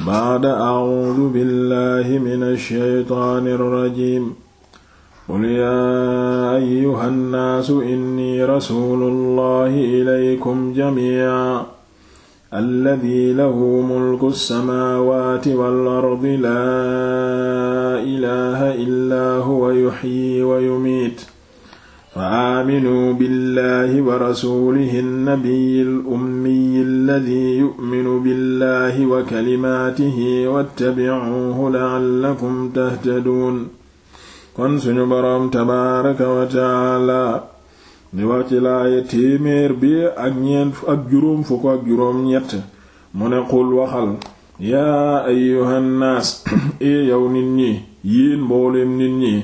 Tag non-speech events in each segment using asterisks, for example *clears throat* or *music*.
baada audu billahi min alsheytaani alrajim qul yaa ayuha nnaasu inni rasulu llahi ilaykum jamia alladi lahu mulku lsamaawaati waalardi laa ilaha illa huwa yuxyi wa yumiit wa aaminuu billahi wa rasulihi nnabiyi lummiyi alladi yuminu billahi wa kalimaatihi wattabicuuhu laallakum tahtaduun kon suñu boroom tabaaraka wa taala di wax ci laaya téeméer bi ak ñeent ak juróom fukk ak juróom ñett mu ne xul waxal yaa ayyuhannaas *clears throat* e yow nit ñi yéen mbooleem nit ñi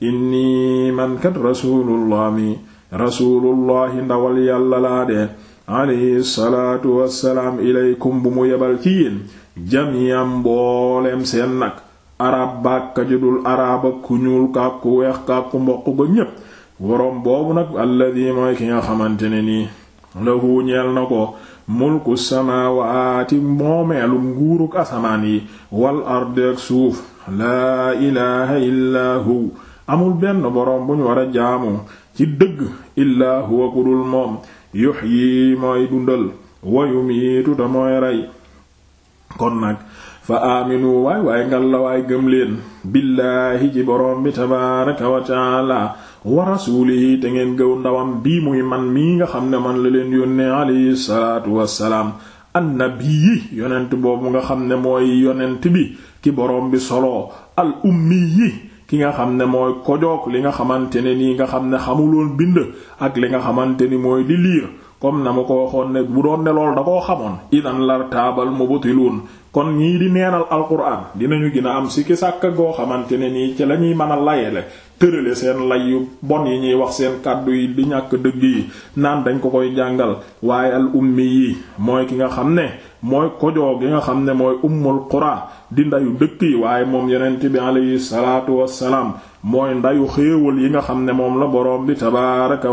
inni man kat rasulullah mi rasulullahi ndawal yàlla laa de alayhi wassalaam ilaykum bu mu yebal ci yéen jamiam mbooleem seen nag arab baak judul arab ak ku ñuul kaak ku weex kaak ku mboq ñépp woroom boobu nag alladi mooy ki nga xamante ne nii lahu ñeel na ko mulku samaawaati moomeelu nguuruk asamaan yi wal ardeek suuf laa ilaha illaa hu amul benn boroom bu ñu war a jaamu ci dëgg illaa huwa ku dul moom yuhyi mooy dundal wa yumiitu te mooy rey kon nag fa aaminu waay waay ngal la waay gëm leen billaahi ci boroom bi tabaaraka wa taala wa rasuulihi te ngeen gëw ndawam bii muy man mii nga xam ne man la leen yónnee alayhi salaatu wassalaam annabi yonent boobu nga xam ne mooy yonent bi ki boroom bi solo al ummi yi ki nga xam ne mooy kojoog li nga xamante ne nii nga xam ne xamuloon bind ak li nga xamante ni mooy liliir comme na ma ko waxoon ne bu doon ne lool da koo xamoon idan lar taabal mubtilun kon ñii di neenal alquran dinañu gën a am si ki sàkk goo xamante ne nii ci la ñuy mën a layele tërale seen lay yu bon yi ñuy wax seen kàddu yi di ñàkk dëgg yi naan dañ ko koy jàngal waaye al ummi yi mooy ki nga xam ne mooy kojoo gi nga xam ne mooy ummul qura di ndayu dëkk yi waaye moom yonent bi alayhi salaatu wassalaam mooy ndayu xéewal yi nga xam ne moom la boroom bi tabaaraka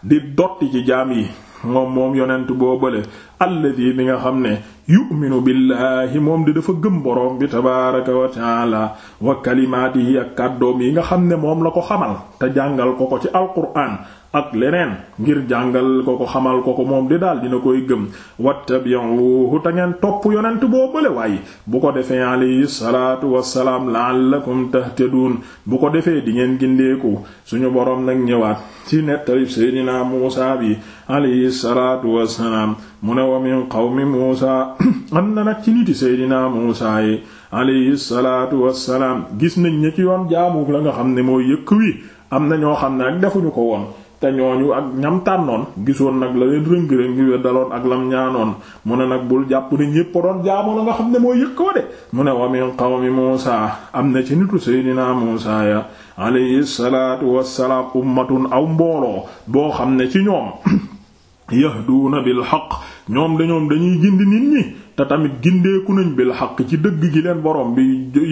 di dotti ci jaam yi moom moom yonent boobale alladi bi nga xam ne yu'minu billahi moom di dafa gëm boroom bi tabaaraka wa taala wa kalimaatihi ak kàddoom yi nga xam ne moom la ko xamal te jàngal ko ko ci alquraan ak leneen ngir jàngal ko ko xamal ko ko moom di daal dina koy gëm wattabi'uhu te ngeen topp yonent boo waaye bu ko defee alayhi salaatu wassalaam la'allakum tahtadun bu ko defee di ngeen gindeeku suñu boroom nag ñëwaat ci nettali seydinaa muusa bi alayhi salaatu wassalaam mu ne wa min qawmi Muusa *clears throat* am na ci niti Seydina Muusa yi alayhi salaatu wassalaam gis nañ ñi ci yoon jaamu la nga xam ne mooy yëkk am na ñoo xam ne defuñu ko woon te ñooñu ak ñam tànnoon gisoon nag la leen rëng daloon ak lam ñaanoon mu ne nag bul jàpp ne ñépp a xam ne mooy yëkk wa de mu ne wa min qawmi Muusa am na ci nitu Seydina Muusa ya alayhi salaatu wassalaam ummatun aw mbooloo boo xam ne ci ñoom *clears throat* yahduuna bil haqq ñoom dañoom dañuy gindi nit ñi te tamit gindeeku nañ bil xaq ci dëgg ji leen borom bi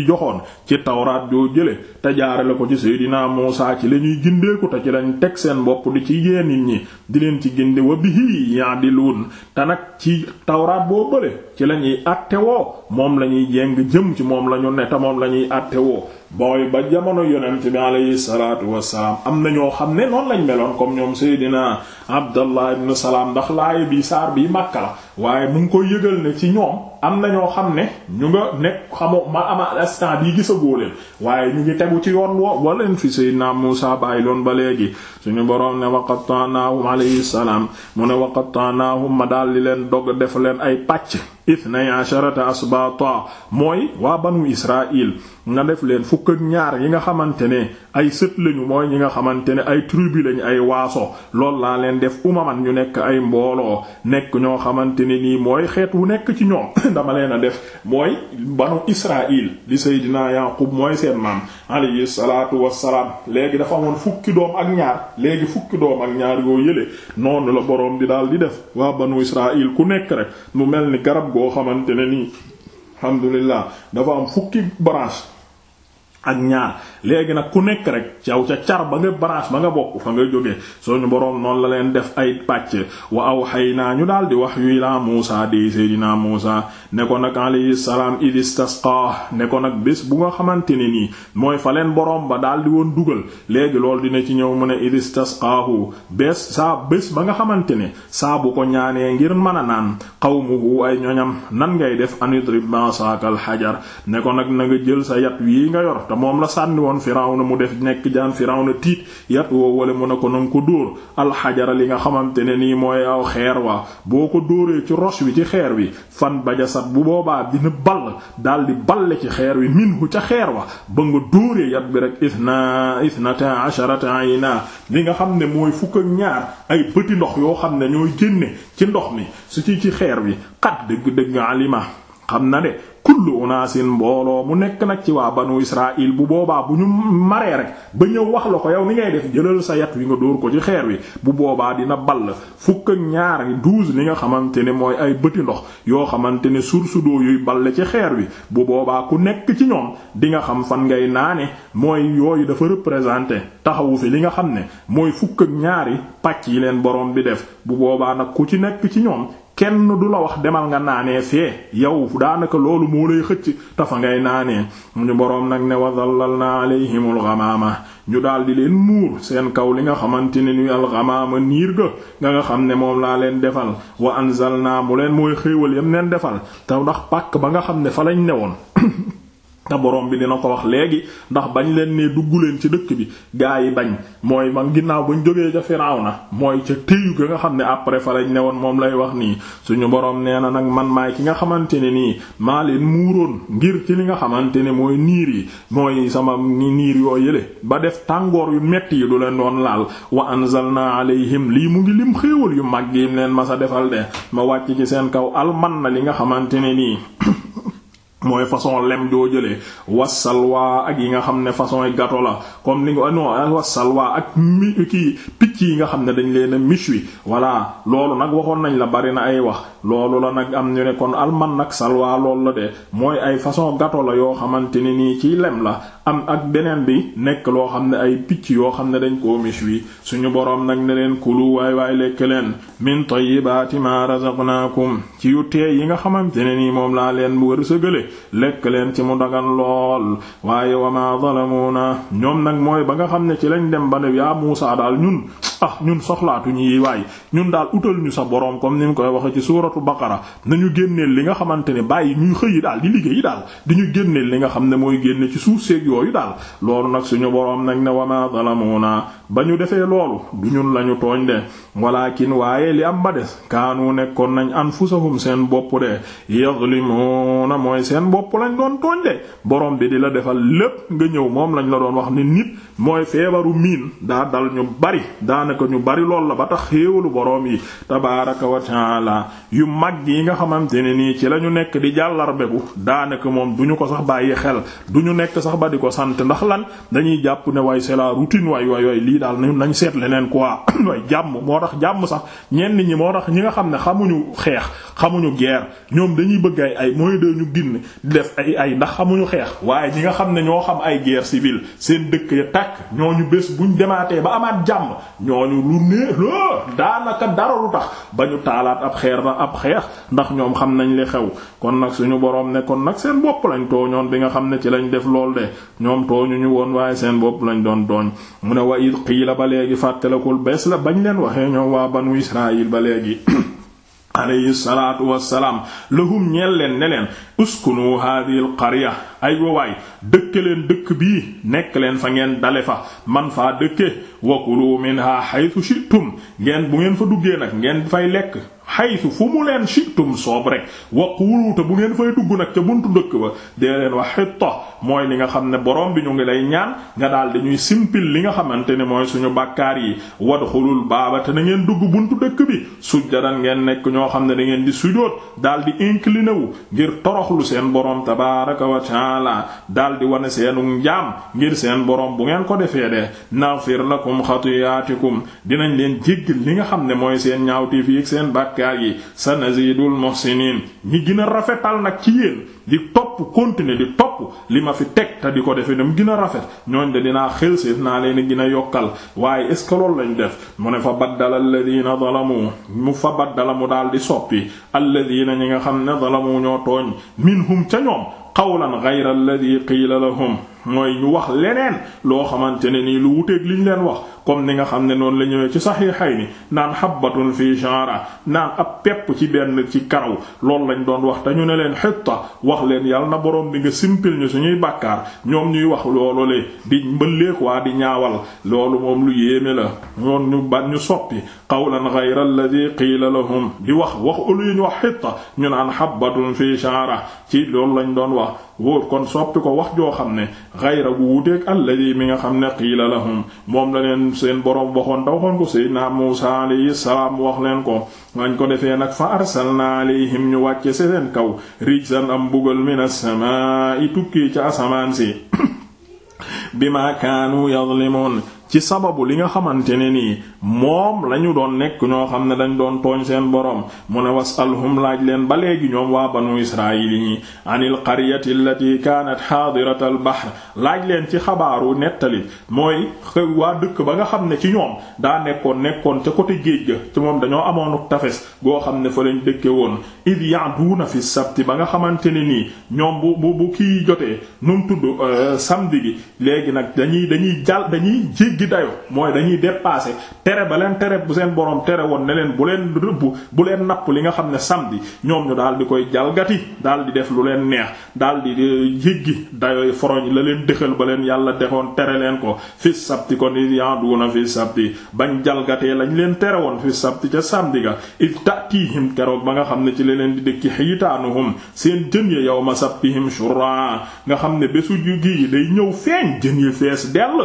joxoon ci tawraat joo jële te la ko ci Seydina Muusaa ci la ñuy gindeeku te ci lañ teg seen bopp di ci yee nit ñi di leen ci ginde wa bihi ya'diluun te nag ci tawraat boo bële ci la ñuy àtte woo moom la ñuy jéng jëm ci moom la ne te moom la ñuy àtte woo booy ba jamono yonent bi alayhi salaatu wassalaam am na ñoo xam ne noonu lañ meloon comme ñoom Seydina Abdallah ibn Salaam ndax laay bi saar Makka la waaye mu ngi koy yëgal ne ci ñoom am na ñoo xam ne ñu nga nekk xamoo ma ama instant bii gisagoo leen waaye ñu ngi tegu ci yoon wo waleen fi sayyidina Muusaa bàyyi loon ba léegi suñu boroom ne wa qatta'naahum alayhi salaam mu ne wa qatta'naahum ma daal di leen dog def leen ay pàcc ithnay asharata asbata mooy waa banu Israil nga def leen fukk ñaar yi nga xamante ne ay sët lañu mooy ñi nga xamante ne ay tribu lañu ay waaso lool laa leen def umaman ñu nekk ay mbooloo nekk ñoo xamante ne nii mooy xeet wu nekk ci ñoom *coughs* *laughs* dama leen a def mooy banu Israil di Seydina Yaqub mooy seen maam alayhi salaatu wassalaam léegi dafa amoon fukki doom ak ñaar léegi fukki doom ak ñaar yoo yële noonu la boroom di daal di def waa banu Israil ku nekk rek mu mel ni garab goo xamante ne nii alhamdulillah dafa am fukki branche ak ñaar léegi nag ku nekk rek caw ca car ba nga branche ba nga bokk fa nga jógee suñu boroom noonu la leen def ay pàcc wa naa ñu daal di wax yu ilaa Muusaa di Seydinaa Muusaa ne ko nag alayhi salaam id istasqaa ne ko nag bés bu nga xamante ne nii mooy fa leen boroom ba daal di woon dugal léegi loolu dina ci ñëw mu ne id istasqaahu bés saa bés ba nga xamante ne saa ko ñaanee ngir mën a naan qawmuhu ay ñoñam nan ngay def anidrib bi'asaakal hajar ne ko nag na nga jël sa yat wi nga yor moom la sànni woon Firawna mu def nekk jaan Firawna tiit yat woo wala mu ne ko nanga ko dóor alxajara li nga xamante ne nii mooy aw xeer wa boo ko dóoree ci roche wi ci xeer wi fan bajasat bu boobaa dina ball daal di la ci xeer wi minhu ca xeer wa ba nga dóoree yat bi rek isna isnata yi naa li nga xam ne mooy fukk ñaar ay bëti ndox yoo xam ne ñooy génne ci ndox mi su ci ci xeer wi xat dëgg dëgg alima xam na ne kullu unaasin mbooloo mu nekk nag ci waa banu israil bu boobaa bu ñu maree rek ba ñëw wax la ko yow ni ngay def jëlal sa yàq wi nga dóor ko ci xeer wi bu boobaa dina ball fukk ak ñaar li nga xamante ne mooy ay bëti yoo xamante ne source d'eau yuy balle ci xeer wi bu boobaa ku nekk ci ñoom di nga xam fan ngay naane mooy yooyu dafa représenter taxawu fi li nga xam ne mooy fukk ñaari pàcc yi leen borom bi def bu boobaa nag ku ci nekk ci ñoom kenn du la wax demal nga naanee fee yow daanaka loolu moo lay xëcc tafa ngay mu ñu boroom nag ne wa zallalna alayhimul ghamaama ñu daal di leen muur seen kaw li nga xamante ne ñuy alxamaama niir ga nga nga xam ne moom laa leen defal wa anzalna mu leen mooy xéewal yam leen defal te ndax pàkk ba nga xam ne fa lañ newoon *coughs* te borom bi dina ko wax léegi ndax bañ leen ne dugg leen ci dëkk bi gaa yi bañ mooy man ginnaaw bañ jógee ca Firawna mooy ca téyu ga nga xam ne après fa lañ ne woon moom lay wax nii suñu borom nee na nag man maay ki nga xamante ne nii maa leen muuroon ngir ci li nga xamante ne mooy niir yi mooy sama niir yoo yële ba def tàngoor yu metti yi du leen doon laal wa anzalna alayhim lii mu ngi lim xéewal yu mag yi leen ma sa defal de ma wàcc ci seen kaw alman na li nga xamante ne nii mooy façon lem joo jëlee wasalwa ak yi nga xam ne façon yi gato la comme ni nga non wasalwa ak mi kii picc yi nga xam ne dañ leen a mich wi voilà loolu nag waxoon nañ la bari na ay wax loolu la nag am ñu ne kon alman nag salwa loolu la de mooy ay façon gato la yoo xamante ne nii ci lem la am ak beneen bi nekk loo xam ne ay picc yoo xam ne dañ koo mich wi suñu boroom nag ne leen kulu waay waay lekk leen min yi ma razaqnakum ci yu tee yi nga xamante ne nii moom laa leen wërsëgale lekk leen ci mu dagan lool waaye wa ma zalamuna ñoom nag mooy ba nga xam ne ci lañ dem ba ne yaa Muusaa daal ñun ah ñun soxlaatuñu yi waay ñun daal utal ñu sa boroom comme ni mu koy waxe ci suuratu baqara nañu génneel li nga xamante ne bàyyi ñuy xëyi daal di liggéey daal di ñu génneel li nga xam ne mooy génne ci suuf seeg yooyu daal loolu nag suñu boroom nag ne wa ma zalamuna ba ñu defee loolu du ñun lañu tooñ de walakin waaye li am ba des kaanu nekkoon nañ anfusahum seen bopp de yazlimuna mooy seen seen bopp lañ doon tooñ de borom bi di la defal lépp nga ñëw moom lañ la doon wax ne nit mooy feebaru miin daa dal ñu bari daanaka ñu bari lool la ba tax xéewalu borom yi tabaaraka wa taala yu mag yi nga xamante ne nii ci la ñu nekk di jàllarbeku daanaka moom du ñu ko sax bàyyi xel du ñu nekk sax ba di ko sant ndax lan dañuy jàpp ne waay c'est la routine waay waay waay lii daal nañ seet leneen quoi *coughs* waay jàmm moo tax jàmm sax ñenn ñi moo tax ñi nga xam ne xamuñu xeex xamuñu guerre ñoom dañuy bëgg ay ay moyens ñu génn def ay ay ndax xamuñu xeex waaye ji nga xam ne ñoo xam ay guerre civile seen dëkk ya tàkk ñooñu bés bu ñu demaatee ba amaat jàmm ñooñu lu nee daanaka dara lu tax ba ñu taalaat ab xeer ba ab xeex ndax ñoom xam nañ li xew kon nag suñu boroom ne kon nag seen bopp lañ tooñoon bi nga xam ne ci lañ def lool de ñoom tooñu ñu woon waaye seen bopp lañ doon tooñ mu ne wa id qiila ba léegi fàttalakul bees la bañ leen waxee ñoom waa banu Israayil ba léegi *coughs* alayhi salaatu wassalaam lahum ñeel leen ne leen uskunu hadhihi al ay waay dëkk leen dëkk bii nekk leen fa ngeen dale fa man faa dëkke wa kulu minha haythu shi'tum ngeen bu ngeen fa duggee nag ngeen fay lekk xaytu fu mu leen shitum soob rek waquuluuta bu ngeen fay dugg nag ca buntu dëkk ba dee leen wax xitta mooy li nga xam ne borom bi ñu ngi lay ñaan nga daal dañuy simpil li nga xamante ne mooy suñu bàkkaar yi wadxulul baaba te na ngeen dugg buntu dëkk bi sujjadan ngeen nekk ñoo xam ne dangeen di sujoot daal di incliné wu ngir toroxlu seen borom tabaaraka wa taala daal di wane seenu njaam ngir seen borom bu ngeen ko defee de nafir lakum xatiyaatikum dinañ leen jéggal li nga xam ne mooy seen ñaawteef yi ak seen bàkkaar bàkkaar yi sanazidul muhsinin ñi gën a rafetal nag ci yéen di topp continuer di topp li ma fi teg te di ko defee dem gën rafet ñooñ de dinaa xel séef naa leen gën a yokkal waaye est ce que loolu lañ def mu ne fa baddala alladina zalamu mu fa baddala mu daal di soppi alladina ñi nga xam ne zalamu ñoo tooñ minhum ca ñoom qawlan ghayra alladhi qila lahum mooy ñu wax leneen loo xamante ne nii lu wuteeg liñ leen wax comme ni nga xam ne noonu la ñëwee ci saxiixayni naan xabbatun fii sha'ra naan ab pepp ci benn ci karaw loolu lañ doon wax te ñu ne leen xitta wax leen yàlla na borom bi nga simpil ñu suñuy bàkkaar ñoom ñuy wax loolu le di mbëlleek waa di ñaawal loolu moom lu yéeme la ñoon ñu ba ñu soppi qawlan ghayra alladhi qiila lahum di wax wax olu ñu wax xitta ñu naan xabbatun fii sha'ra ci loolu lañ doon wax kon soppi wax joo xam ne xayra bu wuuteeg alladi mi nga xam ne qiila lahum moom la leen seen boroom waxoon te waxoon ko seydina Muusa alayhi salaam wax leen ko wañ ko defee nag fa arsalna alayhim ñu wàcce seen kaw rijzan am bugal mina samaa'i tukki ca asamaan si *coughs* bima kaanu yadhlimun ci sababu li nga xamante ne nii moom la ñu doon nekk ñoo xam ne dañ doon tooñ seen boroom mu ne wasalhum laaj leen ba léegi ñoom waa banu israil yi anil qaryati allati kaanat xaadirata al bahr laaj leen ci xabaaru nettali mooy xëy waa dëkk ba nga xam ne ci ñoom daa nekkoon nekkoon ca côté géej ga ci moom dañoo amoon tafes goo xam ne fa lañ dëkke woon id ya'duna fi sabti ba nga xamante ne nii ñoom bu bu bu kii jotee nu mu tudd euh, samedi gi léegi nag dañuy jéggi dayo mooy dañuy dépasser tere ba leen tere bu seen borom tere woon ne leen bu leen rëbb bu leen napp li nga xam ne samedi ñoom ñu daal di koy jalgati daal di def lu leen neex daal di jéggi dayo foroñ la leen dëxal ba leen yàlla defoon tere leen ko fi ko sabti kon ya'duna fi sabti bañ jalgatee lañ leen tere woon fi sabti ca samedi ga it ta'tihim keroog ba nga xam ne ci leen di dëkki xiyitaanuhum seen jën ya yawma sabtihim shurra nga xam ne bésu gi day ñëw feeñ jën yi fees dell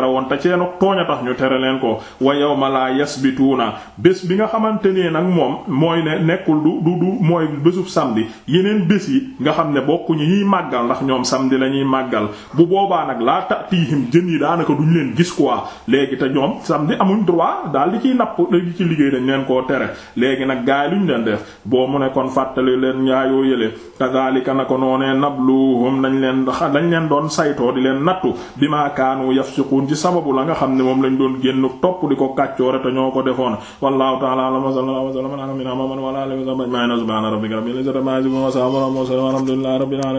tere woon te ceenu tooña tax ñu tere leen ko wa ma laa yasbituuna bés bi nga xamante ne nag moom mooy ne nekkul du du du mooy bésub samedi yeneen bés yi nga xam ne bokkuñu ñuy màggal ndax ñoom samedi la ñuy màggal bu boobaa nag laa tatihim jën yi daanaka duñ leen gis quoi léegi te ñoom samedi amuñ droit daal di ciy napp di ci liggéey dañ leen koo tere léegi nag gaay luñ leen def boo mu ne kon fàttali leen yaayoo yële kadhalika na ko noonee nabluhum lu leen dañ leen doon saytoo ci sababu la nga xam ne moom lañ doon génn topp di ko kàccoore te ñoo ko defoon wallahu ta'ala a'lam wa sallallahu wa sallama ala nabiyyina muhammadin wa ala alihi wa sahbihi ajma'in subhana rabbika rabbil izzati amma yasifun wa salamun ala mursalin walhamdulillahi rabbil alamin